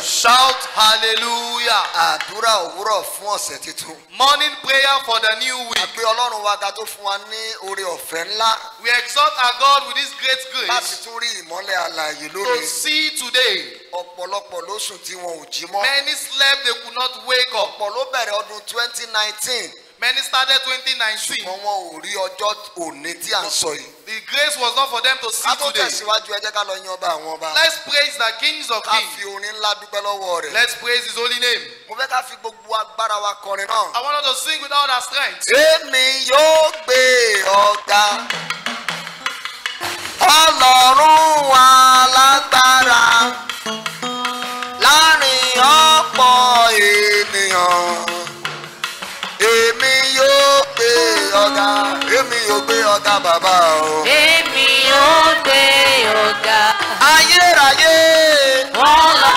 àdúrà. shout hallelujah. àdúrà òwúrọ̀ fún ọ̀sẹ̀ tuntun. morning prayer for the new week. àgbẹ̀ ọlọ́run wa ga tó fún wa ní oore ọ̀fẹ́ ńlá. we exalt our God with this great grace. láti tún rí ìmọ́lẹ̀ àlàyé lónìí. to see today. ọ̀pọ̀lọpọ̀ ló sùn tí wọn ò jí mọ́. many slept they could not wake up. ọ̀pọ̀ ló bẹ̀rẹ̀ ọdún twenty nineteen. many started twenty nineteen. ṣùgbọ́n wọn ò rí ọjọ́ òní tí à ń sọ yìí. The grace was not for them to see today. Let's praise the kings of kings. Let's praise his holy name. I want to sing with all our strength. Èmi yóò ọ̀gá èmi ò gbé ọ̀gá bàbá o. èmi ò gbé ọ̀gá. ayérayé. wọ́n lọ.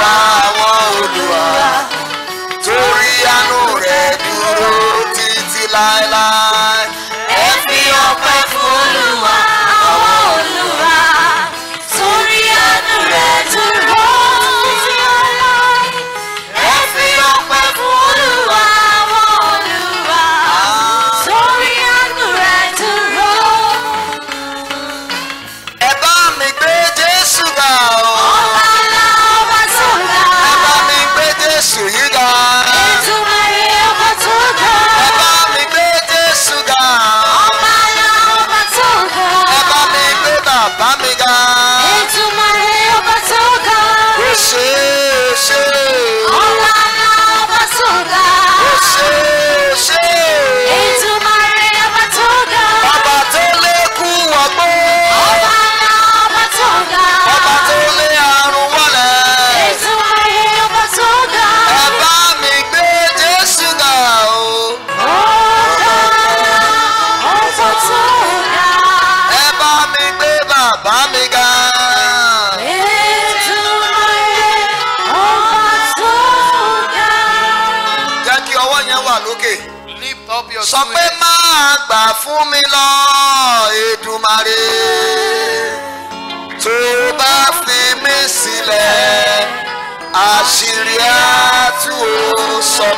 wá wọn Olúwa torí àánú rẹ̀ dúró títí láéláé. sọ pé máa gbà fún mi lọ Èdùmàrè tó bá fi mí sílẹ̀ àṣírí àtúwò sọ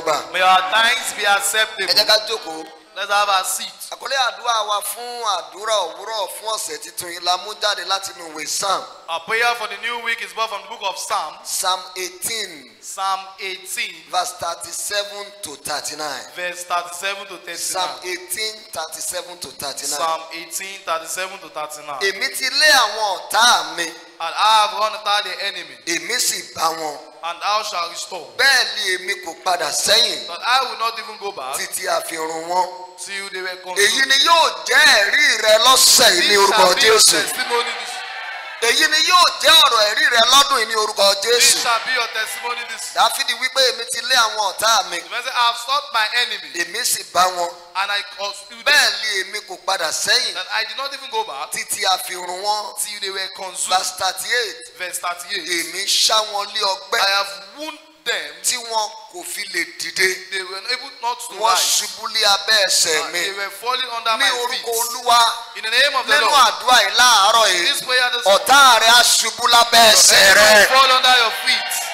tẹ́wọ́ may our times be acceptable. ẹ jẹ́ ká jókòó. let's have a seat. àkọlé àdúrà wa fún àdúrà òwúrọ̀ fún ọ̀sẹ̀ tuntun yìí la mú jáde láti inú ìwé psalm. our prayer for the new week is born from the book of psalm. psalm eighteen. psalm eighteen. verse thirty-seven to thirty-nine. verse thirty-seven to thirty-nine. psalm eighteen thirty-seven to thirty-nine. psalm eighteen thirty-seven to thirty-nine. èmi ti lé àwọn ọ̀tá mi. and I have run after the enemy. èmi sì bá wọn and thou shalt restore. bẹ́ẹ̀ ni èmi kò padà sẹ́yìn. but I will not even go back. títí a fi run wọn. till they were consumed. èyí ni yóò jẹ́ ẹ̀rí rẹ lọ́sẹ̀ yìí ní orúkọ Jésù. this shall be your testimony this èyí ni yóò jẹ́ ọ̀rọ̀ ẹ̀rí rẹ lọ́dún yìí ní orúkọ Jésù. this shall be your testimony this. Dáfídì wípé èmi ti lé àwọn ọ̀tá mi. the person I have stopped my enemy. èmi sì bá wọn and I consumed them. bẹ́ẹ̀ ni èmi kò padà sẹ́yìn. that I did not even go back. títí a wọn. till they were consumed. verse thirty-eight. verse thirty-eight. èmi ṣá wọn lé ọgbẹ́. I have wound them. tí wọn kò fi lè dìde. they were able not to rise. wọ́n ṣubú lé abẹ́ ẹsẹ̀ mi. they were falling under my feet. ní orúkọ olúwa. in the name of the Lord. nínú àdúrà yìí láàárọ̀ yìí. this prayer this morning. ọ̀tá rẹ̀ á ṣubú lábẹ́ ẹsẹ̀ rẹ̀. they will fall under your feet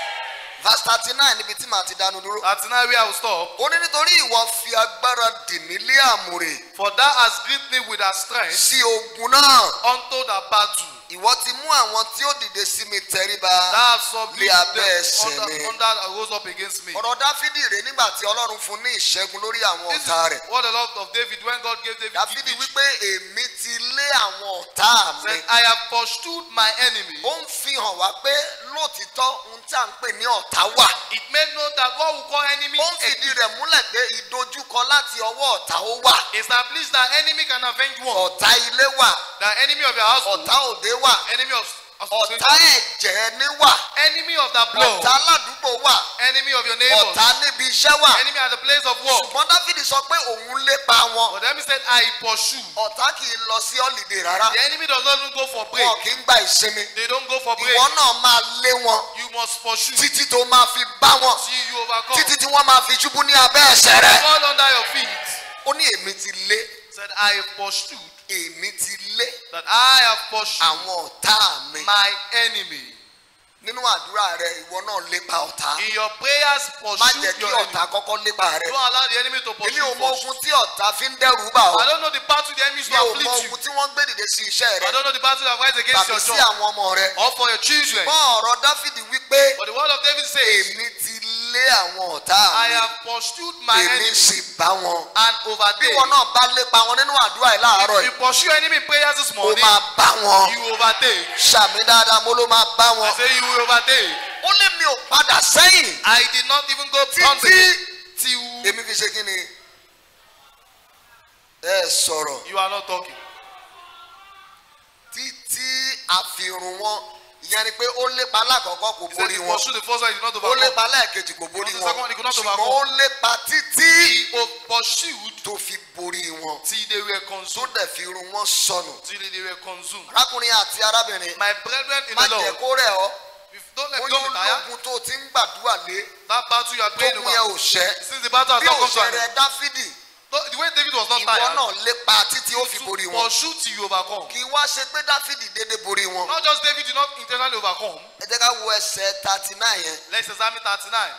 verse thirty nine níbi tí màá ti dánu dúró. thirty nine where I will stop. ó ní nítorí ìwọ fi agbára dì mí lé àmùrè. for that has gripped me with thy strength. sí ogun náà. unto the battle ìwọ ti mú àwọn tí ó dìde sí mi tẹríba lé abẹ́ ẹsẹ̀ mi. Uh, ọ̀rọ̀ dáfídì rè nígbà tí ọlọ́run fún ní ìṣẹ́gun lórí àwọn ọ̀tá rẹ̀. what the lord of david when god gave david. dáfídì wípé èmi ti lé àwọn ọ̀tá mi. i have pursued my enemy. ó ń fi hàn wá pé lóòtítọ́ ohun tí à ń pè ní ọ̀tá wà. it made known that God will call enemy. ó ń fìdí rẹ̀ múlẹ̀ pé ìdojúkọ láti ọwọ́ ọ̀tá ó wà. establish that enemy can avenge one. ọ̀tá ilé wà. the enemy of your house. ọ̀tá òde ẹ̀jẹ̀ enemy of ọ̀tá ẹ̀jẹ̀ ni wà. enemy of the blood. ọ̀tá aládùúgbò wà. enemy of your neighbors. ọ̀tá níbi iṣẹ́ wà. enemy at the place of work. ṣùgbọ́n Dáfídì sọ pé òun lépa wọn. but then said I pursue. ọ̀tá kì í lọ sí holiday rárá. the enemy does not go for break. wọn kì í gba ìsinmi. they don't go for break. ìwọ náà máa lé wọn. you must pursue. títí tó máa fi bá wọn. till you overcome. títí tí wọ́n máa fi ṣubú ní abẹ́ ẹsẹ̀ rẹ̀. fall under your feet. ó ní èmi ti lé. said I pursue èmi ti lé. that I have pursued. àwọn ọ̀tá mi. my enemy. nínú àdúrà rẹ ìwọ náà lépa ọ̀tá. in your prayers pursue your enemy. má jẹ́ kí ọ̀tá kọ́kọ́ lépa rẹ. don't allow the enemy to pursue you. èmi ò mọ ogun tí ọ̀tá fi ń dẹ́rù bà ọ́. I don't know the battle the enemy is to afflict you. mi ò mọ ogun tí wọ́n gbé dìde sí iṣẹ́ rẹ. I don't know the battle that fights against your job. tàbí sí àwọn ọmọ rẹ. or for your children. bọ́ọ̀rọ̀ Dáfídì wí but the word of David says. èmi t lé àwọn ọ̀tá mi. I have pursued my enemy. Èmi sì bá wọn. And overtake. Bí wọn náà bá lépa wọn nínú àdúrà yìí láàárọ̀ yìí. If you pursue enemy prayers this morning. O máa bá wọn. You overtake. Sàmì dáadáa mo ló máa bá wọn. I say you overtake. Ó lé mi ò padà sẹ́yìn. I did not even go front. Títí tí wú. Èmi fi ṣe kí ni? Ẹ sọ̀rọ̀. You are not talking. Títí àfihàn wọn ìyẹn ni pé ó lépa alákọ̀ọ́kọ́ kò borí wọn ó lépa aláìkejì kò borí wọn ṣùgbọ́n ó lépa títí tó fi borí wọn tó dẹ̀ fi irun wọn sọnù. arákùnrin àti arábìnrin má jẹ́ kó rẹ̀ ọ́ ó yọ ológun tó ti ń gbàdúrà lé tó kún yẹn ò ṣẹ́ bí òṣèré dáfídì no the way David was not tired. ìwọ náà lépa títí ó fi borí wọn. to pursue till you overcome. kì í wá ṣe pé Dáfídì dédé borí wọn. not just David did not intentionally overcome. ẹ jẹ́ ká wo ẹsẹ̀ thirty nine yẹn. let's examine thirty nine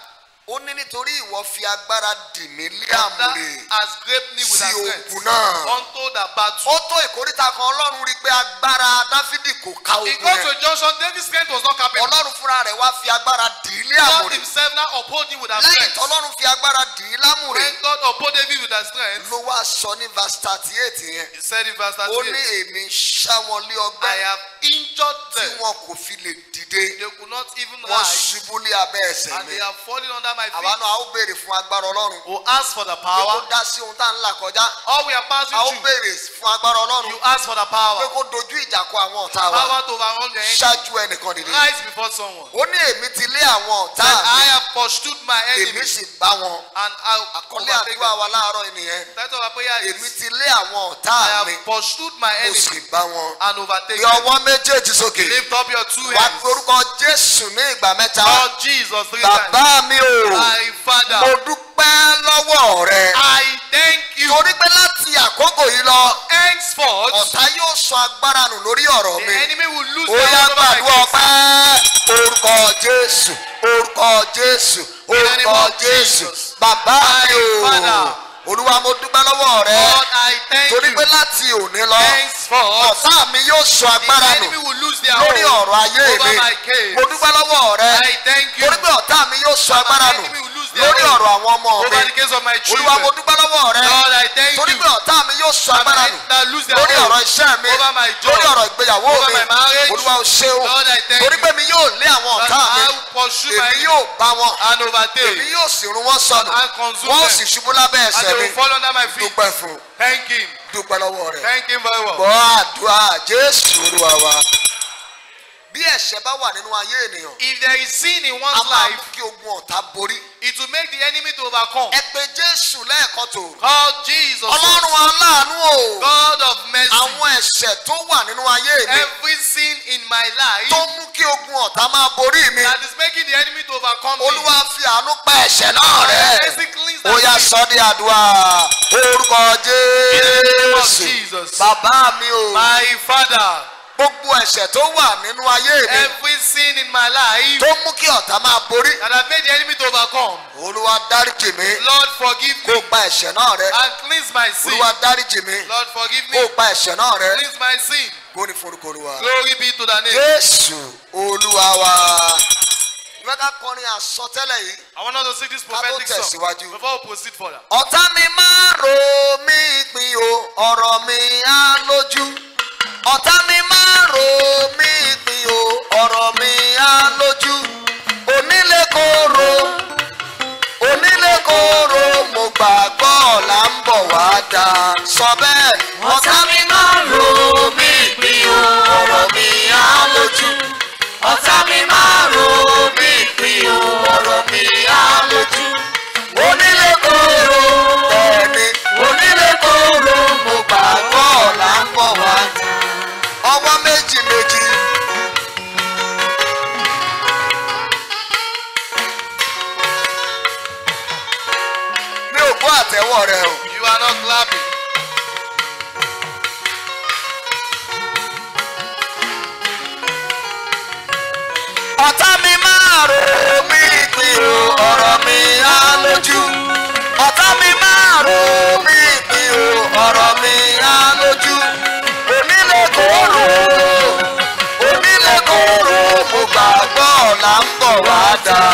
ó ní nítorí ìwọ fi agbára dì mí lé àmúre sí ogun náà ó tó ìkóríta kan ọlọ́run rí pé agbára dáfídì kò ká ogun yẹn ọlọ́run fúnra rẹ̀ wá fi agbára dì í lé àmúre lẹ́yìn tí ọlọ́run fi agbára dì í lámúre ló wá sọ ní verse thirty eight yẹn ó ní èmi ṣá wọn lé ọgbẹ́ tí wọn kò fi lè dìde wọn ṣubú lé abẹ́ ẹsẹ̀ mi under my feet. àwa náà a ó béèrè fún agbára Ọlọ́run. we ask for the power. pé kó dá sí ohun tá à ń là kọjá. all we are passing through. a ó béèrè fún agbára Ọlọ́run. you ask for the power. pé kó dojú ìjà kọ àwọn ọ̀tá wa. power to overcome the enemy. ṣáájú ẹnìkan dìde. rise before someone. ó ní èmi ti lé àwọn ọ̀tá mi. that I have pursued my enemies. èmi sì bá wọn. and I will overtake them. àkọlé àdúrà wa láàárọ̀ ènìyàn. title of our prayer is. èmi ti lé àwọn ọ̀tá mi. I have pursued my enemies. mo sì bá wọn. and overtake them. yọwọ́ méjèèjì sókè. lift up your two hands. wàá gbórúkọ Jésù ní ìgbà mẹ́ta. Lord Jesus three times. bàbá mi o my father. mo dúpẹ́ lọ́wọ́ rẹ. I thank you. torí pé láti àkókò yìí lọ. henceforth. ọ̀tá yóò sọ agbára nù lórí ọ̀rọ̀ mi. the enemy will lose their power. ó yá gbàdúrà ọpẹ́ orúkọ Jésù orúkọ Jésù orúkọ Jésù bàbá mi o olúwa mo dúpẹ́ lọ́wọ́ rẹ torí pé láti òní lọ ọ̀tá mi yóò sọ agbára nù lórí ọ̀rọ̀ ayé mi mo dúpẹ́ lọ́wọ́ rẹ torí pé ọ̀tá mi yóò sọ agbára nù lórí ọ̀rọ̀ àwọn ọmọ mi olúwa mo dúpẹ́ lọ́wọ́ rẹ torí pé ọ̀tá mi yóò sọ agbára nù lórí ọ̀rọ̀ iṣẹ́ mi lórí ọ̀rọ̀ ìgbéyàwó mi olúwa o ṣe o torí pé mi yóò lé àwọn ọ̀tá mi èmi yóò bá wọn èmi yóò sì rún wọn sọnù wọn ò sì ṣubú lábẹ́ ẹsẹ̀ will fall under my feet. dúpẹ́ fún. thank him. dúpẹ́ lọ́wọ́ rẹ̀. thank him very well. gbọ́ àdúrà Jésù Olúwa wa bí ẹ̀ṣẹ̀ bá wà nínú ayé ènìyàn. if there is sin in one's life. a máa mú kí ogun ọ̀tá borí. it will make the enemy to overcome. ẹ pè Jésù lẹ́ẹ̀kan tó. call Jesus. ọlọ́run aláàánú o. God of mercy. àwọn ẹ̀ṣẹ̀ tó wà nínú ayé mi. every sin in my life. tó mú kí ogun ọ̀tá máa borí mi. that is making the enemy to overcome me. olúwa fi àánú pa ẹ̀ṣẹ̀ náà rẹ́. basically ó yá sọ ní àdúrà orúkọ jésù bàbá mi o my father gbogbo ẹ̀ṣẹ̀ tó wà nínú ayé mi every sin in my life tó mú kí ọ̀tá máa borí that I made the enemy to overcome olúwa dáríjì mi lord forgive me kó gba ẹ̀ṣẹ̀ náà rẹ and cleanse my sin olúwa dáríjì mi lord forgive me kó gba ẹ̀ṣẹ̀ náà rẹ cleanse my sin kó ní forúkọ olúwa glory be to the name jésù olúwa wa ìfẹ́ kọrin àsọtẹ́lẹ̀ yìí. I want us to sing this prophetic song. ká before we proceed further. ọ̀tá mi máa rò mí pin o ọ̀rọ̀ mi á lójú. ọ̀tá mi máa rò mí pin o ọ̀rọ̀ mi á lójú. onílé kóró onílé kóró mo gbàgbọ́ ọ̀la ń bọ̀ wá dá. sọ bẹ́ẹ̀ ọ̀tá mi máa rò mí pin o ọ̀rọ̀ mi á lójú. ọ̀tá mi máa rò ọ̀rọ̀ mi á lójú.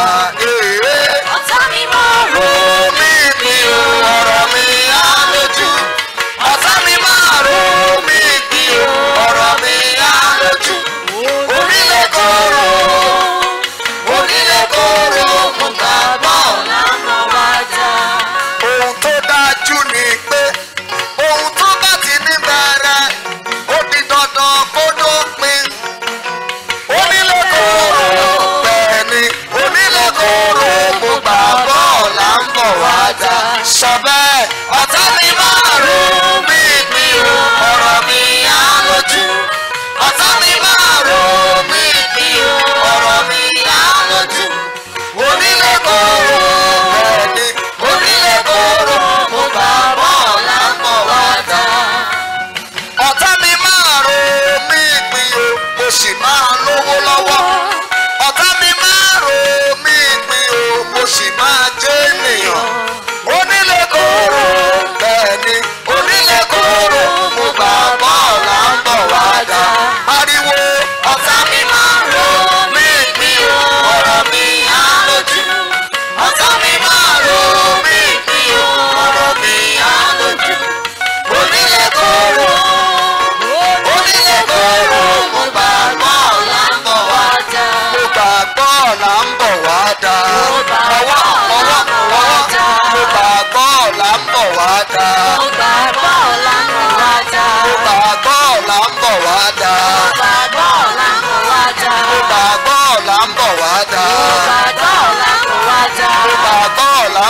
uh,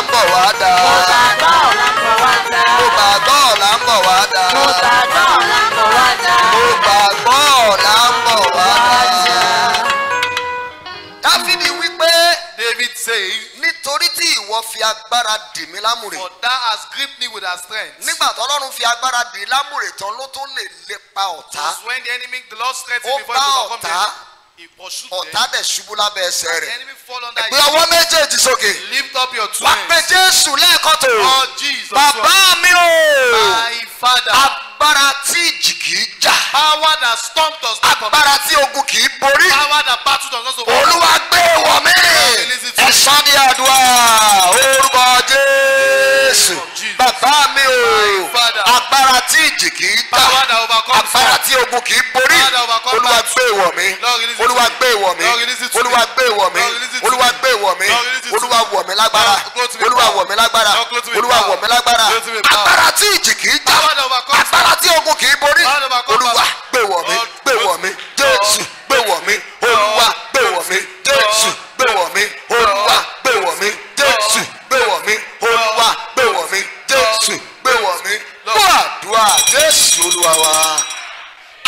bọ̀ wá dá. Mo gbàgbọ́ bọ̀ wá ń bọ̀ wá dá. Mo gbàgbọ́ bọ̀ wá ń bọ̀ wá dá. Dáfídì wí David says. Nítorí tí ìwọ fi agbára dì mí lámùrè. For that has gripped me with her strength. Nígbà tí Ọlọ́run fi agbára dì lámùrè tán ló tún lè lépa ọ̀tá. Because when the enemy the Lord strengthened before he could overcome them. Ó bá ọ̀tá ọ̀tá dẹ̀ ṣubú lábẹ́ ẹsẹ̀ rẹ̀ gbé ọwọ́ méjèèjì sókè wá pé jésù lẹ́ẹ̀kan tó oh, bàbá mi o agbára tí ìjì kì í jà agbára tí ogun kì í borí olúwa gbé wọ̀ mí ẹ̀sán ní àdúrà orúkọ jésù bàbá mi o agbára tí ìjì kì í ta agbára tí ogun kì í borí olúwa gbé ìwọ̀ mi olúwa gbé ìwọ̀ mi olúwa gbé ìwọ̀ mi olúwa gbé ìwọ̀ mi olúwa wọ̀ mí lágbára olúwa wọ̀ mí lágbára olúwa wọ̀ mí lágbára agbára tí ìjì kì í ta agbára tí ogun kì í borí olúwa gbé ìwọ̀ mi gbé ìwọ̀ mi jésù gbé ìwọ̀ mi olúwa gbé ìwọ̀ mi jésù. jésù olúwa wa.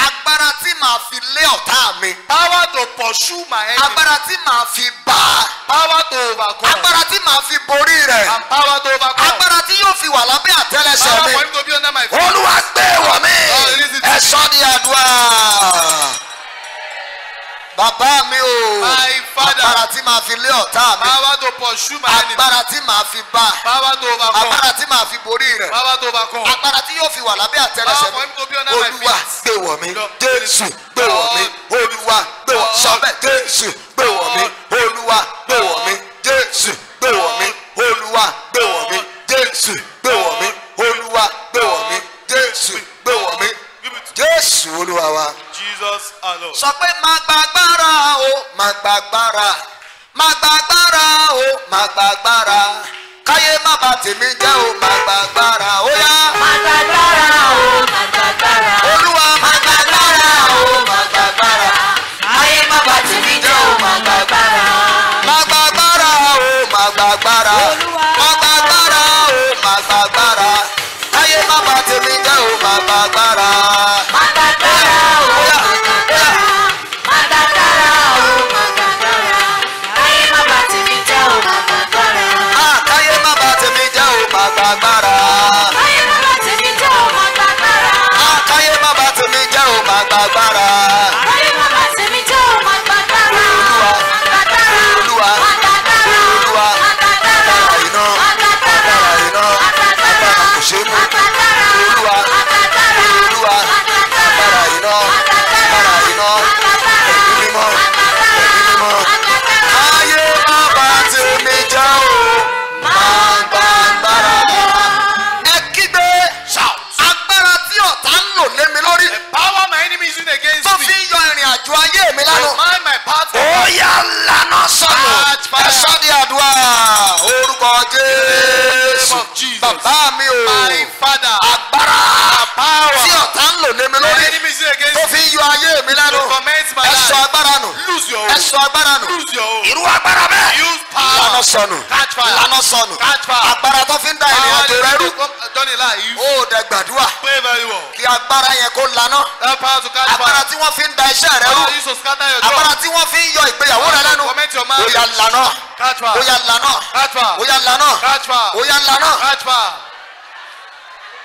agbára tí màá fi lé ọ̀tá mi. power to pursue my enemy. agbára tí màá fi bá. power to overcome. agbára tí màá fi borí rẹ̀. and power to overcome. agbára tí yóò fi wà lábẹ́ àtẹ́lẹsẹ̀ mi. power to bàbá mi o agbára tí màá fi lé ọ̀tá mi agbára tí màá fi bá agbára tí màá fi borí rẹ̀ agbára tí yóò fi wà lábẹ́ àtẹ́lẹsẹ̀ mi olúwa gbé wọ̀ mí jésù gbé wọ̀ mí olúwa gbé wọ̀ sọ́bẹ̀ jésù gbé wọ̀ mí olúwa gbé wọ̀ mí jésù gbé wọ̀ mí olúwa gbé wọ̀ mí jésù gbé wọ̀ mí olúwa gbé wọ̀ mí jésù gbé wọ̀ mí jésù olúwa wa. Jesus alone. Sọ pé máa gba agbára o, máa gba agbára, máa gba agbára o, máa gba agbára. Káyé má bà tèmi jẹ́ o, máa gba agbára o yá. Máa gba agbára o, máa gba agbára. Olúwa máa gba agbára o, máa gba agbára. Káyé má bà tèmi jẹ́ o, máa gba agbára. Máa gba agbára o, máa gba agbára. Olúwa máa gba agbára o, máa gba agbára. Káyé má bà tèmi jẹ́ o, máa gba agbára. powers. bàbá mi o. my father. agbára. power. tí ọ̀tá ń lò lé mi lórí. enemy is against me. tó fi yọ ayé mi lẹ́nu. to torment my life. ẹ sọ agbára nù. lose your own. ẹ sọ agbára nù. lose your own. irú agbára bẹ́ẹ̀. use sọnù lànà sọnù agbára tó fi ń da ìrìn àjò rẹ rú ó dẹ gbàdúrà kí agbára yẹn kó lànà agbára tí wọ́n fi ń da iṣẹ́ rẹ rú agbára tí wọ́n fi ń yọ ìgbéyàwó rẹ lẹ́nu ó yà lànà ó yà lànà ó yà lànà ó yà lànà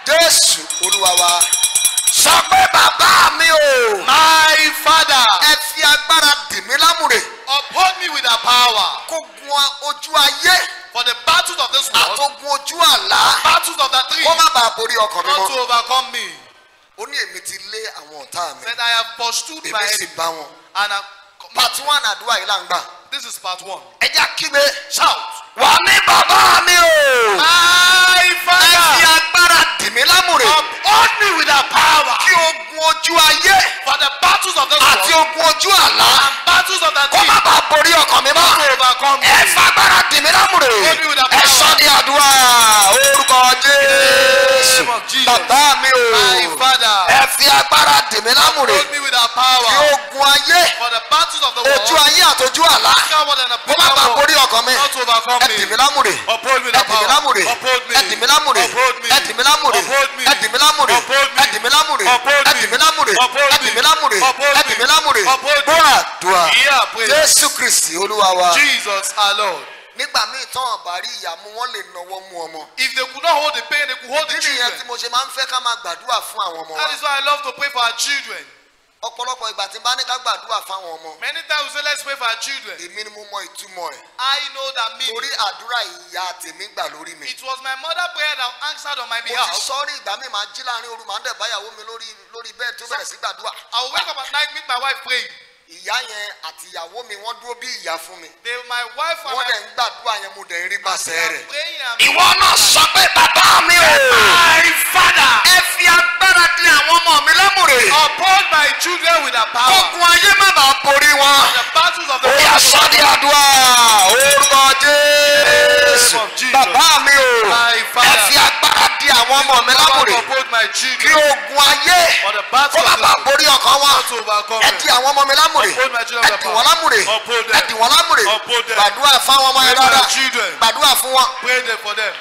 jésù olúwa wa sọ pé bàbá mi o. my father. ẹ fi agbára. kó má bàa borí ọkàn mi mọ́. not to overcome me. ó ní èmi ti lé àwọn ọ̀tá mi. I have pursued my enemy. èmi sì bá wọn. and part one àdúrà yìí là ń gbà. this is part one. ẹ já kígbe. shout. wà ní bàbá mi o. máa by fire. ẹ fi agbára dì mí lámùrè. uphold me with that power. kí ogun ojú ayé. for the battles of the world. àti ogun ojú àlá. and battles of the deep. kó má bàa borí ọkàn mi mọ́. kó má bàa ẹ fi agbára dì mí lámùrè. hold me with that power. ẹ sọ ní àdúrà orúkọ jésù. bàbá mi o. my father. ẹ fi agbára dì mí lámùrè. hold me with that power. kí ogun ayé. for the battles of the world. ojú ayé àtọjú àlá. kó má bàa borí ọkàn mi. ẹ dì mí lámùrè. ẹ dì mí lámùrè. ẹ ẹ̀dìmí lámùrè ẹ̀dìmí lámùrè ẹ̀dìmí lámùrè ẹ̀dìmí lámùrè ẹ̀dìmí lámùrè ẹ̀dìmí lámùrè ẹ̀dìmí lámùrè bóra dùà jésù kristi olúwa wa. jesus our lord. nígbà míì tán àbárí ìyàmú wọn lè nawọ́ mú ọmọ. if they could not hold the pain they could hold the children. nínú ìyẹn tí mo ṣe máa ń fẹ́ ká máa gbàdúrà fún àwọn ọmọ wa. that is why i love to pray for our children ọ̀pọ̀lọpọ̀ ìgbà tí n bá ní ká gbàdúrà fáwọn ọmọ. many times we let's pray for our children. èmi ni mo mọ ìtumọ̀ ẹ̀. I know that me. torí àdúrà ìyá tèmi gbà lórí mi. it was my mother prayer that answered on my behalf. mo ti sọ́ọ́rí ìgbà mi máa jí láàrin òru máa ń dẹ̀ báyàwó mi lórí lórí bẹ́ẹ̀ tó bẹ̀rẹ̀ sí gbàdúrà. I will wake up at night meet my wife praying ìyá yẹn àti ìyàwó mi wọ́n dúró bí ìyá fún mi. they my wife and I. wọ́n dẹ̀ ń gbàdúrà yẹn mo dẹ̀ ń rí gbàsẹ́ rẹ̀. ìwọ náà sọ pé bàbá mi ò. my father. ẹ fi agbá agbára di àwọn ọmọ mi lámùrè. upon my children with a power. ogun ayé má bàa borí wọn. the battles of the world. ó yá sọ́dí àdúrà orúkọ jésù. bàbá mi o. my father. ẹ fi agbára di àwọn ọmọ mi lámùrè. kí ogun ayé kó má bàa borí ọkàn wọn. ẹ di àwọn ọmọ mi lámùrè. ẹ di wọn lámùrè. ẹ di wọn lámùrè. gbàdúrà fáwọn ọmọ yẹn dáadáa. gbàdúrà fún wọn. pray them for them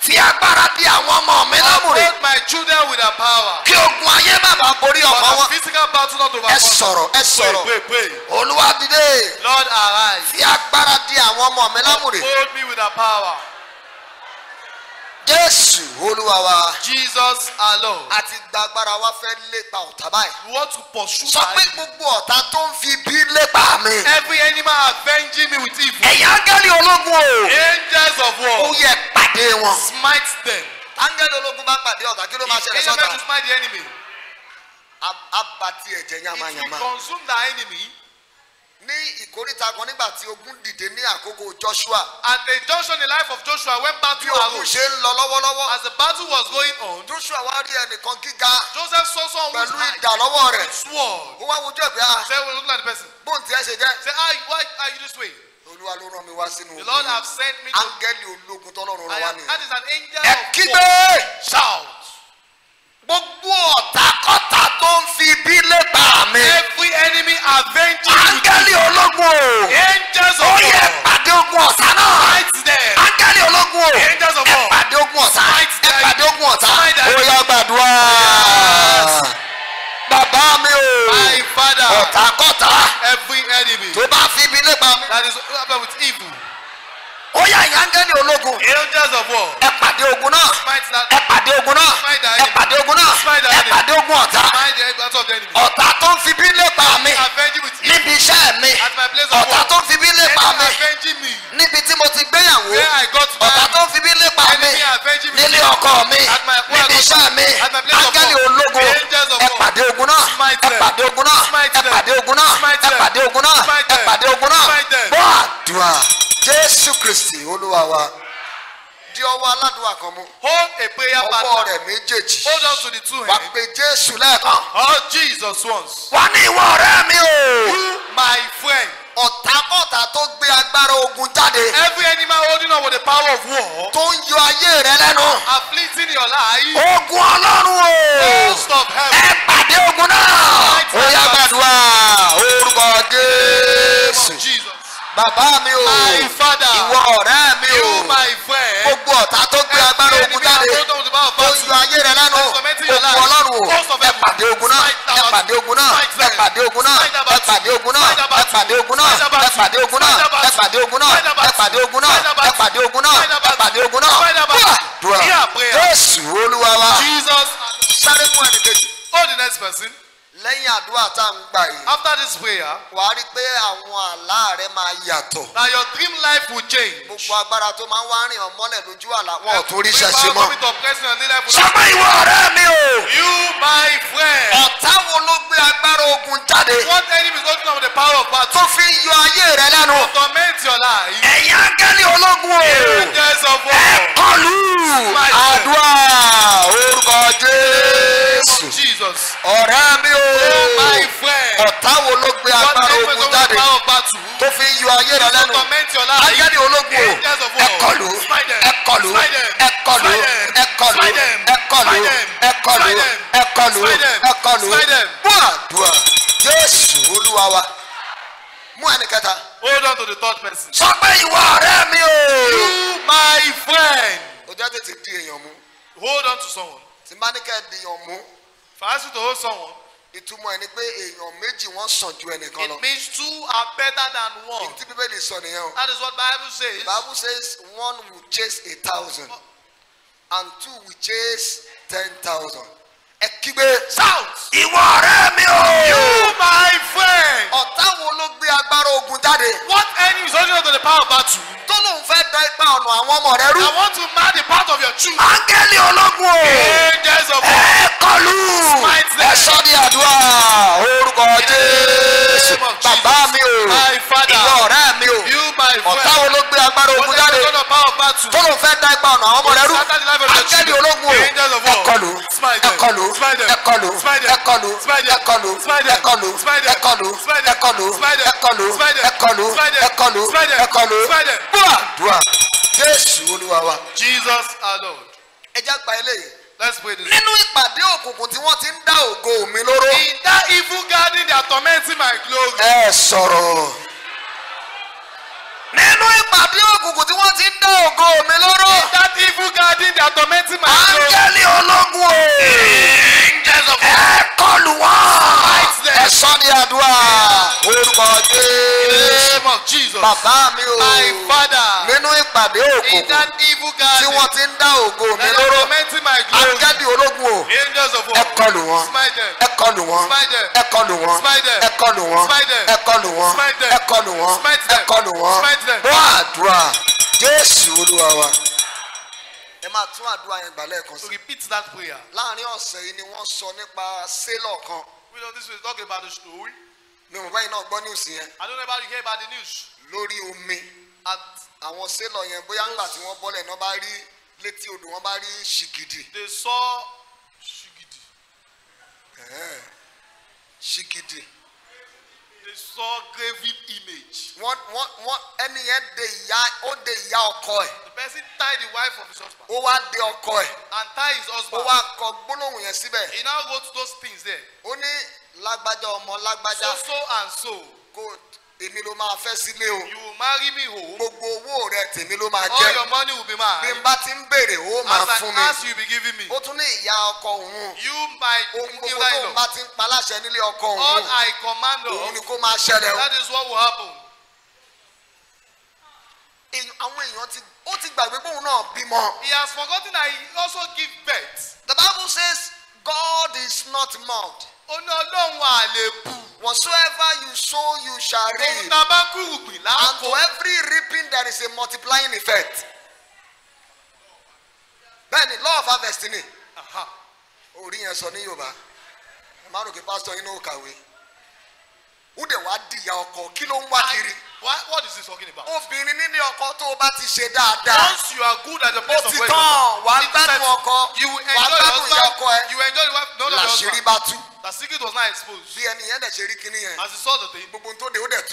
fi agbára di àwọn ọmọ mi lámùrè. I hold my children with a power. kí ogun ayé má bàa borí ọmọ wọn. but the physical battle not over. ẹ sọ̀rọ̀ ẹ sọ̀rọ̀. pray pray pray. olúwa dìde. Lord arise. fi agbára di àwọn ọmọ mi lámùrè. hold me with a power. Jésù Olúwa wa. Jesus alone. A ti gba agbára wa fẹ́ lépa ọ̀tá báyìí. You want to pursue my. Sọ pé gbogbo ọ̀tá tó ń fi bí lépa mi. Every animal avenging me with evil. Ẹ̀yin ángẹ́lì ológun o wọn. smite them. áńgẹ́lì ológun bá pàdé ọ̀tá kí ló máa ṣẹlẹ̀ sọ́tà. if enemy to smite the enemy. abati ẹ̀jẹ̀ yamayama. if you consume the enemy ní ìkóríta kan nígbà tí ogun dìde ní àkókò Joshua. And the junction the life of Joshua when battle arose. bí ogun ṣe ń lọ lọ́wọ́lọ́wọ́. as the battle was going on. Joshua wá rí ẹnìkan gíga. Joseph saw someone who was pẹ̀lú ìdà rẹ̀. sword. ó wá wojú ẹ̀ pé a. Ah, say we look like the person. bóun ti ẹ ṣe jẹ́. say how why are you this way olúwa ló rán mi wá sínú ogun. the lord have sent me to. áńgẹ́lì ológun tọ́lọ́run rán wá that is an angel of war. ẹ shout. gbogbo ọ̀tàkọ́tà tó ń fi ibi lépa mi. every enemy avenging. áńgẹ́lì ológun o. angels of war. ó yẹ pàdé ogun ọ̀sán náà. fight them. áńgẹ́lì ológun o. angels of war. ẹ pàdé ogun ọ̀sán. fight them. ẹ pàdé ogun ọ̀sán. ó yá gbàdúrà bàbá mi o. my father. ọ̀tàkọ̀tà. every enemy. tó bá fi ibi nípa mi. that is what happen with evil ó yà yangẹ́lì ológun. angels of war. ẹ pàdé ogun náà. ẹ pàdé ogun náà. ẹ pàdé ogun náà. ẹ pàdé ogun ọ̀tá. ọ̀tá tó ń fi bí lépa mi. níbi iṣẹ́ mi. ọ̀tá tó ń fi bí lépa mi. níbi tí mo ti gbéyàwó. ọ̀tá tó ń fi bí lépa mi. nílé ọkọ mi. níbi iṣẹ́ mi. angẹ́lì ológun. ẹ pàdé ogun náà. ẹ pàdé ogun náà. ẹ pàdé ogun náà. ẹ pàdé ogun náà. ẹ pàdé ogun náà. gbọ́ àdúrà jésù kristi olúwa wa di ọwọ́ aládùúgbò kan mú. hold a prayer partner. ọwọ́ rẹ̀ méjèèjì. hold on to the two hands. wà á pe jésù lẹ́ẹ̀kan. oh jesus once. wà ní ìwọ ọ̀rẹ́ mi o. my friend. ọ̀tàkọ̀tà tó gbé agbára ogun jáde. every animal holding on with the power of war. tó ń yọ ayé rẹ lẹ́nu. afflicting your life. ogun ọlọ́run o. host of heaven. ẹ pàdé ogun náà. ó yá gbàdúrà orúkọ jésù bàbá mi o ìwọ ọ̀rẹ́ mi o gbogbo ọ̀tá tó gbé agbára ogun jáde tó yọ ayé rẹ lẹ́nu ogun ọlọ́run o ẹ pàdé ogun náà ẹ pàdé ogun náà ẹ pàdé ogun náà ẹ pàdé ogun náà ẹ pàdé ogun náà ẹ pàdé ogun náà ẹ pàdé ogun náà ẹ pàdé ogun náà ẹ pàdé ogun náà ẹ pàdé ogun náà dùn jésù olúwa wa sáré mú ẹnì kejì. hold the next person lẹ́yìn àdúrà tá à ń gbà yìí. after this prayer. wà á rí i pé àwọn àlá rẹ máa yàtọ̀. na your dream life will change. gbogbo agbára tó máa ń wá rìn ọmọlẹ̀ lójú àlá wọn ò torí ṣàṣe mọ́. sọmọ ìwọ ọ̀rẹ́ mi o. you my friend. ọ̀tá wo ló gbé agbára ogun jáde. what enemy is going to the power of battle. tó fi yọ ayé rẹ lẹ́nu. to torment your life. ẹ̀yin angẹ́lì ológun o. angels of war. àdúrà. ọ̀rẹ́ mi o ọ̀tá wo ló gbé agbára ogun jáde tó fi yọ ayé rẹ lẹ́nu ayéde ológun o ẹ̀kọlù ẹ̀kọlù ẹ̀kọlù ẹ̀kọlù ẹ̀kọlù ẹ̀kọlù ẹ̀kọlù ẹ̀kọlù bua bua Jésù Olúwa wa mú ẹni kẹta. hold on to the third person. sọ pé ìwọ ọ̀rẹ́ mi o. you my friend. ojú ajé ti di èèyàn mú. hold on to someone. tí máníkẹ́ di èèyàn mú fàásùtò ó sọ wọn. ìtumọ̀ ẹ̀ pé èèyàn méjì wọ́n sàn ju ẹnìkan lọ. it means two are better than one. ní ti bíbélì sọ nìyẹn o. that is what bible says. bible says one will chase a thousand and two will chase ten thousand ẹ kígbe. shout. ìwọ ọ̀rẹ́ mi o. you my friend. ọ̀tá wo ló gbé agbára ogun jáde. what enemy is holding on to the power of battle. tó lóun fẹ́ da ipa ọ̀nà àwọn ọmọ rẹ rú. I want to mark the part of your truth. áńgẹ́lì ológun o. angels of God. ẹ kọlù. smite them. ẹ sọ ní àdúrà orúkọ Jésù. bàbá mi o. my father. ìwọ ọ̀rẹ́ agbára ogun jáde tóun fẹ́ da ipa ọ̀nà àwọn ọmọ rẹ rú ángẹ́lì ológun o ẹ̀kọlù ẹ̀kọlù ẹ̀kọlù ẹ̀kọlù ẹ̀kọlù ẹ̀kọlù ẹ̀kọlù ẹ̀kọlù ẹ̀kọlù ẹ̀kọlù ẹ̀kọlù ẹ̀kọlù gbọ́dọ̀ dùà jésù olúwa wa. jesus our lord. ẹ já gba eléyìí. Let's pray this. Nínú ìpàdé òkùnkùn tí wọ́n ti ń dá ògo mi lóró. In that evil garden they are tormenting my glory. Ẹ sọ̀rọ̀ nínú ìpàdé òkùnkùn tí wọ́n ti ń dá ògo mi lóró. in that evil garden they are tormenting my soul. áńgẹ́lì ológun o. angels of God. ẹ kọlù wọn. ẹ sọ ní àdúrà. orúkọ jésù. bàbá mi o. my father. nínú ìpàdé òkùnkùn. in that evil garden. tí wọ́n ti ń dá ògo mi lóró. they are tormenting my glory. áńgẹ́lì ológun o. angels of God. ẹ kọlù wọn. ẹ kọlù wọn. ẹ kọlù wọn. ẹ kọlù wọn. ẹ kọlù wọn. ẹ kọlù wọn. ẹ kọlù wọn them. gbọ́ àdúrà jésù olúwa wa. ẹ máa tún àdúrà yẹn gbà lẹ́ẹ̀kan sí. repeat that prayer. láàrin ọ̀sẹ̀ yìí ni wọ́n sọ nípa sélọ̀ kan. we know this we talk about the story. mi ò báyìí náà gbọ́ news yẹn. I don't know about you hear about the news. lórí omi. at àwọn sélọ̀ yẹn bóyá ńgbà tí wọ́n bọ́lẹ̀ náà bá rí létí odò wọn bá rí ṣìgìdì. they saw ṣìgìdì. ṣìgìdì. They saw graven image. What what what? Any yẹn they ìyá ó they ìyá okoy. The person tie the wife of his husband. Ó wá de okoy? And tie his husband. Ó wá kọ gbólóhùn He now wrote those things there. Ó ní lágbájá ọmọ lágbájá. So so and so. good èmi ló máa fẹ́ sílé o. you marry me o. gbogbo owó rẹ tèmi ló máa jẹ́. all your money will be mine. bí n bá ti ń béèrè ó máa fún mi. as you be giving me. ó tún ní ìyá ọkọ òun. you my giver in law. ohun gbogbo tóun bá ti ń paláṣẹ nílé ọkọ òun. all I command of. òun ni kó máa ṣẹlẹ̀ o. that is what will happen. àwọn èèyàn ti ó ti gbàgbé bóun náà bímọ. he has forgotten that he also give birth. the bible says God is not mocked ó ọlọ́run àlèbù. whatsoever you sow you shall reap. ohun bá kú ìgbìn láàkó. and to every reaping there is a multiplying effect. bẹ́ẹ̀ni law of harvest ni orí yẹn sọ ní yorùbá ẹ má rò pé pásítọ̀ yín ló kàwé ó dẹ̀ wá dìyà ọkọ kí ló ń wá kiri. Why, what is this talking about? obìnrin nílé ọkọ tó o bá ti ṣe dáadáa. once you are good at the place of work. ó ti tán wàá gbádùn ọkọ wàá gbádùn ìyá ọkọ ẹ làṣírí bá tú that secret was not exposed. bí ẹni yẹn dẹ̀ ṣe rí kíní yẹn. as he saw the thing. gbogbo ntó de tu. ó dẹ̀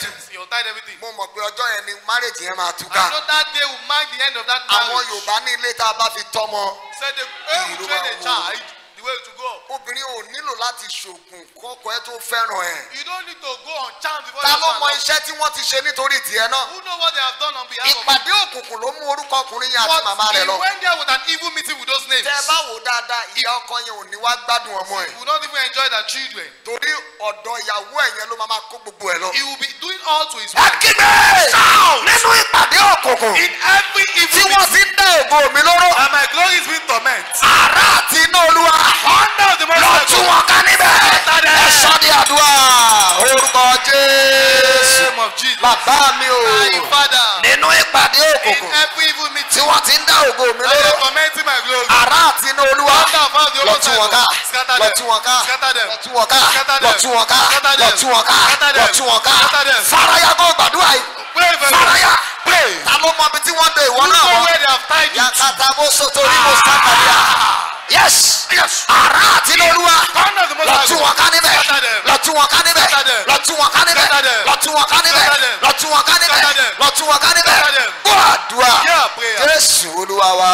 tu he untied everything. mo mọ̀ pé ọjọ́ yẹn ni marriage yẹn máa túká. I know that day will mark the end of that marriage. àwọn Yorùbá ní ilé tá a bá fi tọ́mọ. said the way will train a child the way to go. obìnrin ò nílò láti ṣògùn kọ́kọ́ ẹ tó fẹ́ràn ẹ. you don't need to go on chance. before you start. ta ló mọ iṣẹ́ tí wọ́n ti ṣe nítorí tiẹ̀ náà. who know what they have done on behalf of. ìpàdé òkùnkùn ló mú orúkọ ọkùnrin yẹn àti màmá rẹ lọ. but he went there with an evil meeting with those names. tẹ bá wò dáadáa ìyá ọkọ yẹn ò ní wá gbádùn ọmọ ẹ. he will not even enjoy their children. torí ọ̀dọ̀ ìyàwó ẹ̀ yẹn ló máa kó gbogbo ẹ̀ lọ. he will be doing all to his wife. ẹ kí sound nínú ìpàdé òkùnkùn. in every evil meeting. tí wọ́n ti ń dá my glory is being torment. àrà àti iná olúwa lọ tún wọn ká níbẹ̀ ẹ sọ ní àdúrà orúkọ jésù bàbá mi o nínú ìpàdé òkùnkùn tí wọ́n ti ń dá ògo mi lóró àrà àti inú olúwa lọ tún wọn ká lọ tún wọn ká lọ tún wọn ká lọ tún wọn ká lọ tún wọn ká lọ tún wọn ká faraya kó gbàdúrà yìí faraya ta ló mọ ibi tí wọ́n dé ìwọ náà wọ́n yàtàtà bó sotori mo sábà ah. yà yes ara àti lóluwa lọ́tún wọn ká níbẹ̀ lọ́tún wọn ká níbẹ̀ lọ́tún wọn ká níbẹ̀ lọ́tún wọn ká níbẹ̀ lọ́tún wọn ká níbẹ̀ lọ́tún wọn ká níbẹ̀ kó àdúrà jésù olúwa wa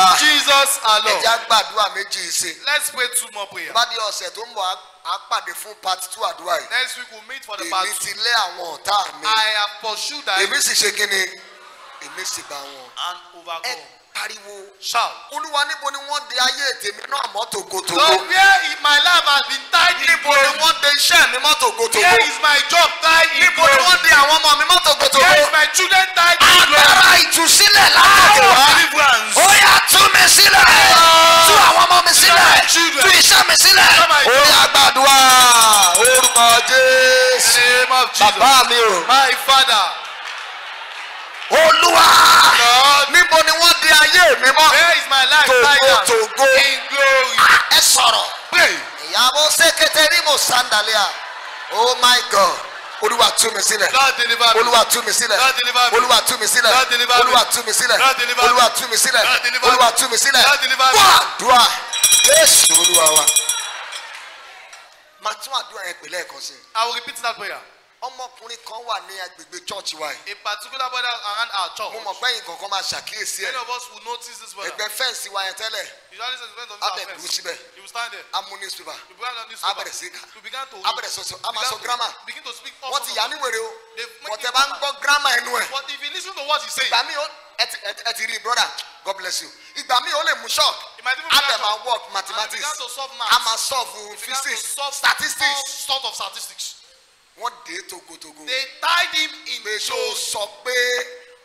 ẹ jẹ́ àgbàdúrà méjì ṣe. let's pray two more prayers. bá di ọ̀sẹ̀ tó ń bọ̀ a pàdé fún part two àdúrà yìí. next week we we'll meet for the part two. èmi ti lé àwọn ọ̀tá mi. I have pursued that. èmi sì ṣe kí ni èmi sì bá wọn. and overcome pariwo. shout. olúwa níbo ni wọ́n de ayé tèmi náà mọ́ tògótògó. so where is my life has been tied in níbo ni wọ́n de iṣẹ́ mi mọ́ tògótògó. where is my job tied in níbo ni wọ́n de àwọn ọmọ mi mọ́ tògótògó. where is my children tied in agbára ìtúsílẹ̀ látọ̀dọ̀ wá. ó yá tú mi sílẹ̀. tú àwọn ọmọ mi sílẹ̀. tú iṣẹ́ mi sílẹ̀. ó yá gbàdúrà orúkọ jésù. bàbá mi o. my father olúwa níbo ni wọ́n di ayé mi mọ́ tògo tògo ẹ sọ̀rọ̀ ìyàbọ̀ sẹ́kẹ̀tẹ̀ ní mo sandalia oh my god olúwa tú mi sílẹ̀ olúwa tú mi sílẹ̀ olúwa tú mi sílẹ̀ olúwa tú mi sílẹ̀ olúwa tú mi sílẹ̀ olúwa tú mi sílẹ̀ wá dùá yéésù olúwa wa màá tún àdúrà yẹn pè lẹ́ẹ̀kan sí i. I will repeat that prayer ọmọkùnrin kan wà ní agbègbè church wa yìí. a particular brother around our church. mo mọ̀ pé yín kankan máa ṣàkíyèsí ẹ̀. many of us will notice this brother. ẹgbẹ́ fẹ́ǹsì wa yẹn tẹ́lẹ̀. usually the event of this offence. abẹ dùn síbẹ̀. you will stand there. amu newspaper. you began to you began to. abẹ̀rẹ̀ sọ̀sọ̀ a máa sọ grammar. begin to speak all wọ́n ti yà á níwèrè o. they make bá ń gbọ́ grammar ẹnu ẹ̀. but if you lis ten to what he say. ìgbà mi ẹ ti rí brother god bless you ìgbà mi ò lè mú shock abẹ máa work mathematics a máa solve physics statistics. all sort of statistics wọ́n dé togotogo. they tied him in chains. pé ṣó sọ pé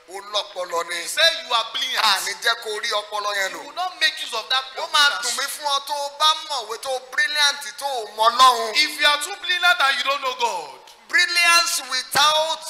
o lọ́pọlọ ni. he say you are brilliant. àní jẹ́ kó rí ọpọlọ yẹn lò. he will not make use of that blood. ó máa dùn mí fún ọ tó o bá mọ̀wé tó o brilliant tó o mọ lọ́hùn. if you are too brilliant and you don't know God. brilliance without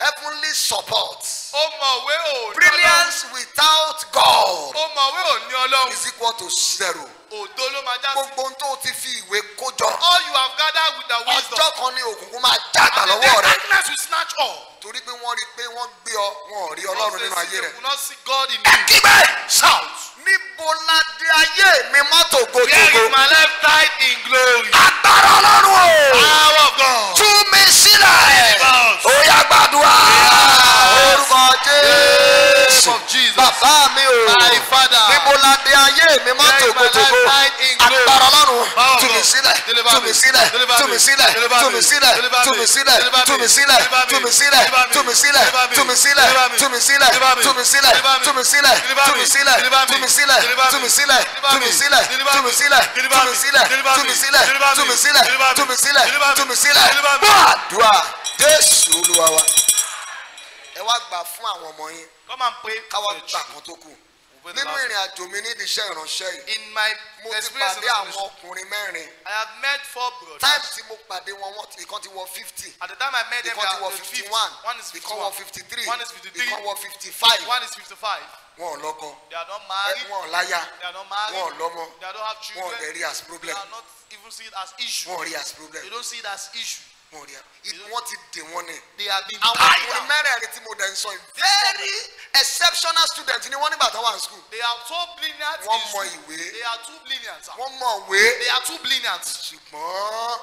heavenly support. ó mọ̀wé ò ní ọlọ́run. brilliance without God. ó mọ̀wé ò ní ọlọ́run. is equal to zero. Òdo ló máa já Gbogbo tó ti fi ìwé kó All you have gathered with the wisdom. Ọjọ́ kan ni òkùnkùn máa jágbà lọ́wọ́ rẹ̀. And the darkness will snatch all. Torí pé wọ́n rí i pé wọ́n gbé ọ, wọn rí Ọlọ́run nínú ayé rẹ̀. They will not see God in you. Ẹ kígbe. Shout. Níbo la dé ayé mi mọ́tò gbogbo? Where is my left side in glory? Agbára Ọlọ́run o. Power of God. Tú mi sílẹ̀. Ó yá gbàdúrà. Orúkọ Jésù. Bàbá mi o. My father mo la de ayé mi mọ́ tòkòtòkò agbára ọlọ́run tú mi sílẹ̀ tú mi sílẹ̀ tú mi sílẹ̀ tú mi sílẹ̀ tú mi sílẹ̀ tú mi sílẹ̀ tú mi sílẹ̀ tú mi sílẹ̀ tú mi sílẹ̀ tú mi sílẹ̀ tú mi sílẹ̀ tú mi sílẹ̀ tú mi sílẹ̀ tú mi sílẹ̀ tú mi sílẹ̀ tú mi sílẹ̀ tú mi sílẹ̀ tú wa ẹ wá gbà fún àwọn ọmọ yín káwọn gbà kan tó kù with nínú ìrìn àjò mi níbi iṣẹ́ ìránṣẹ́ yìí. in my experience of ministry. I have met four brothers. time tí mo pàdé wọn wọn ìkan ti wọ fifty. at the time I met them they were fifty one one is fifty one ìkan wọ fifty three one is fifty three ìkan wọ fifty five one is fifty five wọn ò lọkọ eh, wọn ò láyà wọn ò lọmọ wọn ò lè rí as problem wọn ò rí as problem. you don't see it as issue wọn rí ẹ wọn ti dè wọn ni. they have been tied down. àwọn ọkùnrin mẹ́rẹ̀ẹ̀rin tí mo dẹ̀ ń sọ yìí. very exceptional students ni wọ́n nígbà tó wà ní school. they are too brilliant. wọ́n mọ ìwé. they are too brilliant. wọ́n mọ ìwé. they are too brilliant. ṣùgbọ́n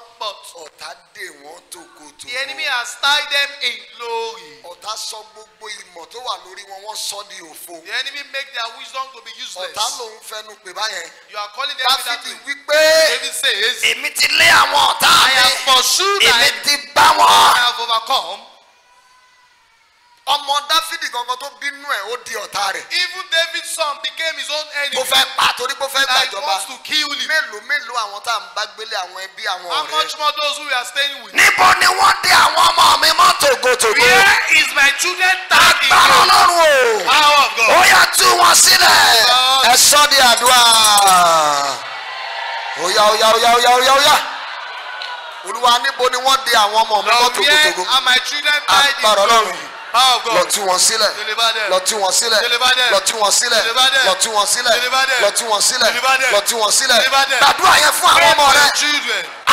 ọ̀tá dè wọ́n tòkòtò. the enemy has tied them in glory. ọ̀tá sọ gbogbo ìmọ̀ tó wà lórí wọn wọ́n sọ di òfo. the enemy make their wisdom to be useless. ọ̀tá lòun fẹnu pè báyẹn. you are calling them that way. dáfídì wípé èmi ti lé àwọn ọ̀tá mi. I have pursued ti bá wọn. I have overcome. Ọmọ Dáfídì gangan tó bínú ẹ̀ ó di ọ̀tá rẹ̀. Even David's son became his own enemy. Mo fẹ́ pa torí pé fẹ́ gbàjọba. Like wants to kill him. Mélòó mélòó àwọn tá à ń bá gbélé àwọn ẹbí àwọn ọ̀rẹ́. How much more those who are staying with? Níbo ni wọ́n dé àwọn ọmọ mi mọ́ tògótògó? Where is my children tag in? Agbára Ọlọ́run o. Power of God. Ó yá tú wọn sílẹ̀. Ẹ sọ́ di àdúrà. Ó yá ó yá ó yá ó yá ó yá ó yá olúwa níbo ni wọ́n de àwọn ọmọ mi lọ́tò gbogbo agbára ọlọ́run lọ tú wọn sílẹ̀ lọ tú wọn sílẹ̀ lọ tú wọn sílẹ̀ lọ tú wọn sílẹ̀ lọ tú wọn sílẹ̀ lọ tú wọn sílẹ̀ gbàdúrà yẹn fún àwọn ọmọ rẹ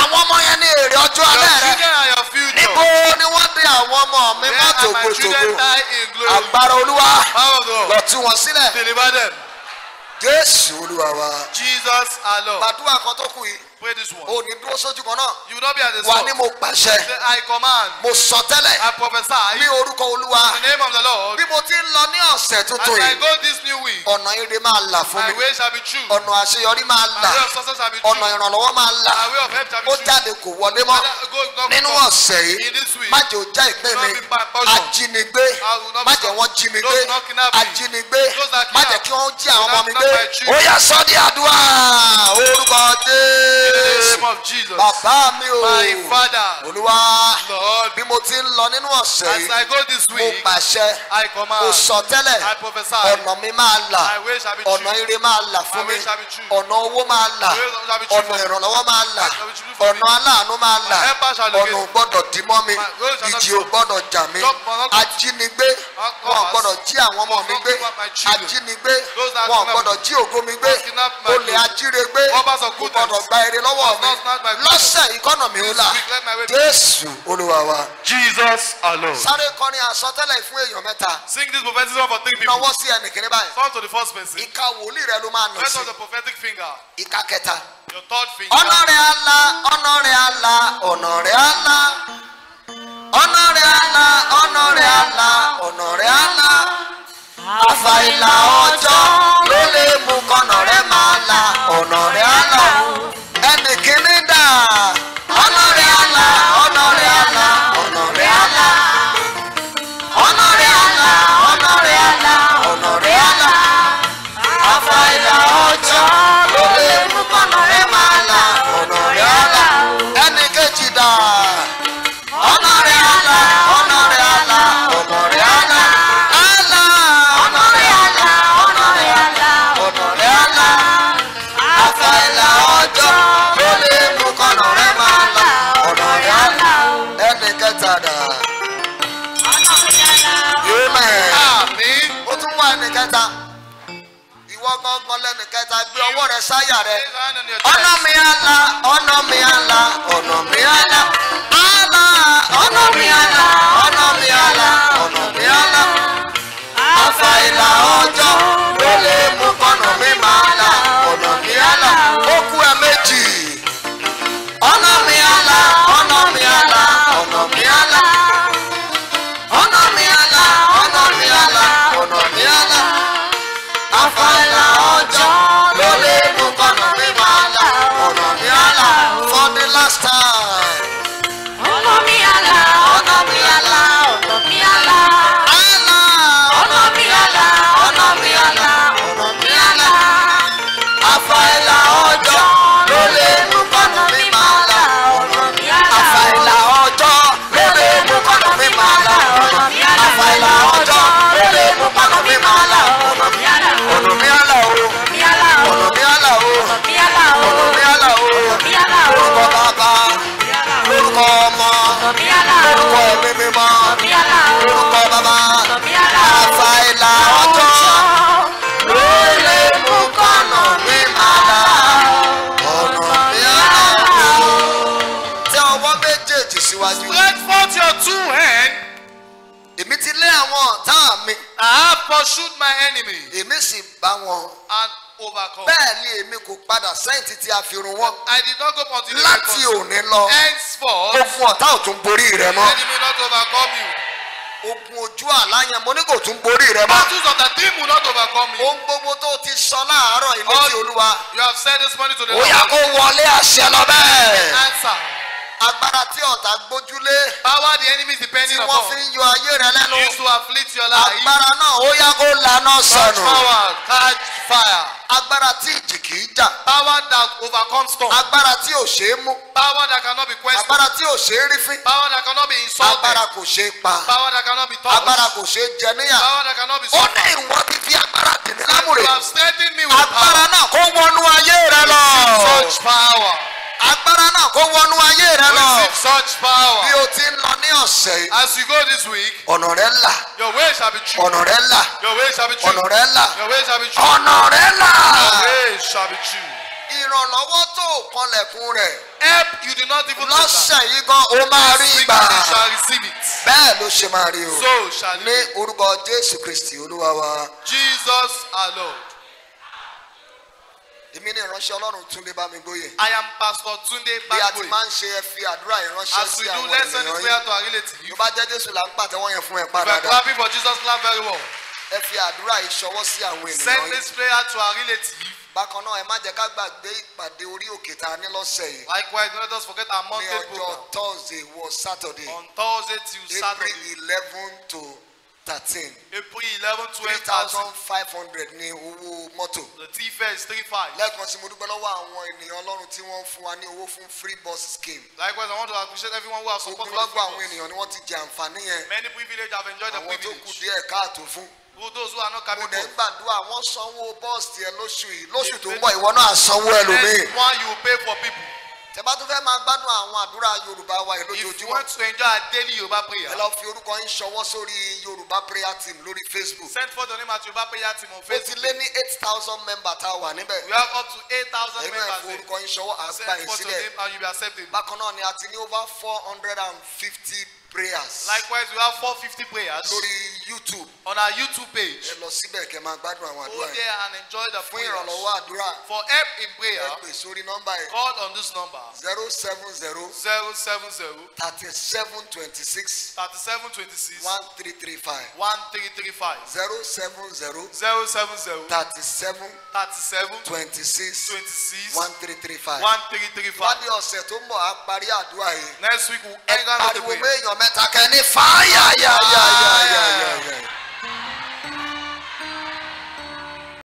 àwọn ọmọ yẹn ní èrè ọjọ́ alẹ́ rẹ níbo ni wọ́n dé àwọn ọmọ mi má tògbòtògbò agbára olúwa lọ tú wọn sílẹ̀ jésù olúwa wa gbàdúrà kan tó kù yìí pray this one. o dúró sójú kan náà. you no be at the store. wà ní mo pàṣẹ. I command. mo sọ tẹ́lẹ̀. I prophesy. ní orúkọ olúwa. in the name of the Lord. bí mo ti ń lọ ní ọ̀sẹ̀ tuntun yìí. as I go this new week. ọ̀nà ire máa là fún mi. my way shall be true. ọ̀nà àṣeyọrí máa là. my way of success shall be true. ọ̀nà ìrànlọ́wọ́ máa là. my way of help shall be true. ó jáde kò wọlé mọ́. nínú ọ̀sẹ̀ yìí. má jẹ́ ó já ìpín mi. ajínigbé. má jẹ́ wọ́n jí mi gbé. ajínigbé. má jẹ́ kí wọ́n jí àwọn ọmọ mi gbé. ó yá sọ́ name of Jesus. Bàbá mi o. My father. Olúwa. Lord. Bí mo ti ń lọ nínú ọ̀sẹ̀ yìí. As I go this week. Mo pàṣẹ. I command. Mo sọ tẹ́lẹ̀. I prophesy. Ọ̀nà mi máa là. I wish I be true. Ọ̀nà ire máa là fún mi. I wish I be true. Ọ̀nà owó máa là. Ọ̀nà ìrànlọ́wọ́ máa là. Ọ̀nà aláàánú máa là. Ọ̀nà gbọ́dọ̀ dì mọ́ mi. Ìjì ò gbọ́dọ̀ jà mí. Ajínigbé. Wọn gbọ́dọ̀ jí àwọn ọmọ mi gbé. Ajínigbé. Wọn gbọ́dọ̀ jí ògo mi gbé. Olè ajíre gbé. Kò gbọ́dọ̀ gba eré jáde lọ́wọ́ mi lọ́sẹ̀ economy ó là jésù olúwa jesus alone. sáré kọrin àsọtẹ́lẹ̀ fún èèyàn mẹ́ta. sing this prophetic song for three people. nawọ́ sí ẹnìkiri báyìí. turn to the first person. ìka wòlíì rẹ ló máa nà sí. press on the prophetic finger. ìka kẹta. your third finger. ọ̀nà rẹ̀ ala ọ̀nà rẹ̀ ala ọ̀nà rẹ̀ ala ọ̀nà rẹ̀ ala ọ̀nà rẹ̀ ala ọ̀nà rẹ̀ ala àfàìlà ọjọ́ ló lè mú kọ́nà rẹ̀ máa la ọ̀nà rẹ̀ lẹ́nu kẹta gbé ọwọ́ rẹ sáyà rẹ ọ̀nà mi ala, ọ̀nà mi ala, ọ̀nà mi ala, ala. ọ̀nà mi ala, ọ̀nà mi ala, ọ̀nà mi àlà àfàìlà ọjọ́. Rasta. two hands. Èmi ti lé àwọn ọ̀tá mi. I have pursued my enemy. Èmi sì bá wọn. And overcome. Bẹ́ẹ̀ ni èmi kò padà sẹ́yìn títí a fi run wọn. I did not go continue. Láti òní lọ. Henceforth. Ogun ọ̀tá ò borí rẹ mọ́. The enemy not overcome you ogun ojú àlá mo ní kò tún borí rẹ mọ. battles of the team will not overcome you. ohun gbogbo tó ti sọ láàárọ̀ ilé tí olúwa. you have said this morning to the Lord. ó yá kó wọlé àṣẹ lọ bẹ́ẹ̀. answer agbára tí ọ̀tá gbójúlé. power the enemy is depending upon. tí wọ́n fi ń yọ ayé rẹ lẹ́nu. used to afflict your life. agbára náà ó yá kó laná sọnù. catch power catch fire. agbára tí ìjì kì í jà. power that overcomes storm. agbára tí ò ṣeé mú. power that cannot be questioned. agbára tí ò ṣeé rí fín. power that cannot be insulted. agbára kò ṣeé pa. power that cannot be touched. agbára kò ṣeé jẹ níyà. power that cannot be suffered. ó ní ìwọ ti fi agbára dì mí lámùrè. you have strengthened me with power. agbára náà kó wọnú ayé rẹ lọ. such power agbára náà kó wọnú ayé rẹ lọ. receive such power. bí o ti ń lọ ní ọ̀sẹ̀ yìí. as you go this week. ọ̀nà rẹ là. your way shall be true. ọ̀nà rẹ là. your way shall be true. ọ̀nà rẹ là. your way shall be true. ọ̀nà rẹ là. your way shall be true. ìrànlọ́wọ́ tó kanlẹ̀kùn rẹ̀. help you do not even know that. lọ́sẹ̀ yìí gan o máa rí gbà. you shall receive it. bẹ́ẹ̀ ló ṣe máa rí o. so shall you. ní orúkọ jésù kristi olúwa wa. jesus alone èmi ni ìránṣẹ́ Ọlọ́run Túndé Bámigbóyè. I am pastor Túndé Bámigbóyè. bí a ti máa ń ṣe ẹ fi àdúrà ìránṣẹ́ sí àwọn ènìyàn yìí. as we do let's send the prayer to our relatives. yorùbá jẹ́ Jésù là ń pàtẹ́wọ́ yẹn fún ẹ padà. we are clapping for Jesus clap very well. ẹ fi àdúrà ìṣọwọ́ sí àwọn ènìyàn yìí. send this prayer to our relatives. bákan náà ẹ má jẹ́ ká gbàgbé ìpàdé orí òkè tá a ní lọ́sẹ̀ yìí. likewise don't let us forget our monthly program. ní ọjọ́ Thursday wọ Saturday. on Thursday till Saturday. April eleven to thirteen. epo yìí eleven twelve thousand. three thousand five hundred ní owó mọ́tò. the thief is three five. lẹ́ẹ̀kan sí mo dúpẹ́ lọ́wọ́ àwọn ènìyàn ọlọ́run tí wọ́n fún wa ní owó fún free bus scheme. likewise I want to appreciate everyone who has supported the free bus. ogunlọ́gbọ̀ àwọn ènìyàn ni wọ́n ti jẹ àǹfààní yẹn. many privileged have enjoyed the privilege. àwọn tó kù díẹ̀ káàtó fún those who are not capable. mo dẹ̀ ń gbàdúrà wọ́n sanwó bọ́ọ̀sì ẹ lóṣù yìí lóṣù tó ń bọ̀ ìwọ the next one you pay for people tẹ́bá tún fẹ́ máa gbádùn àwọn àdúrà yorùbá wa yìí lójoojúmọ́. if you want to enjoy our daily yorùbá prayer. ẹ lọ fi orúkọ yín ṣọwọ́ sórí yorùbá prayer team lórí facebook. send for the name at yorùbá prayer team on facebook. o ti lé ní eight thousand members. tá a wà níbẹ̀. we have up to eight thousand members. ẹnu ẹ̀ orúkọ yín ṣọwọ́ àgbà ìsílẹ̀. send for the name and you be accepted. bákan náà ni a ti ní over four hundred and fifty prayers. likewise we have four fifty prayers. lórí youtube. on our youtube page. ẹ lọ síbẹ̀ kẹ́ máa gbádùn àwọn àdúrà yẹn. go there and enjoy the prayers. fún ìrànlọ́wọ́ àdúrà. for help in prayer. ẹ pè sórí nọ́mbà yẹn. call on this number. zero seven zero. zero seven zero. thirty seven twenty six. thirty seven twenty six. one three three five. one three three five. zero seven zero. zero seven zero. thirty seven. thirty seven. twenty six. twenty six. one three three five. one three three five. wádìí ọ̀sẹ̀ tó ń bọ̀ á parí àdúrà yìí. next week we will end on the prayer. ẹ méèyàn metakeni fire. Yeah, yeah, yeah, yeah, yeah, yeah.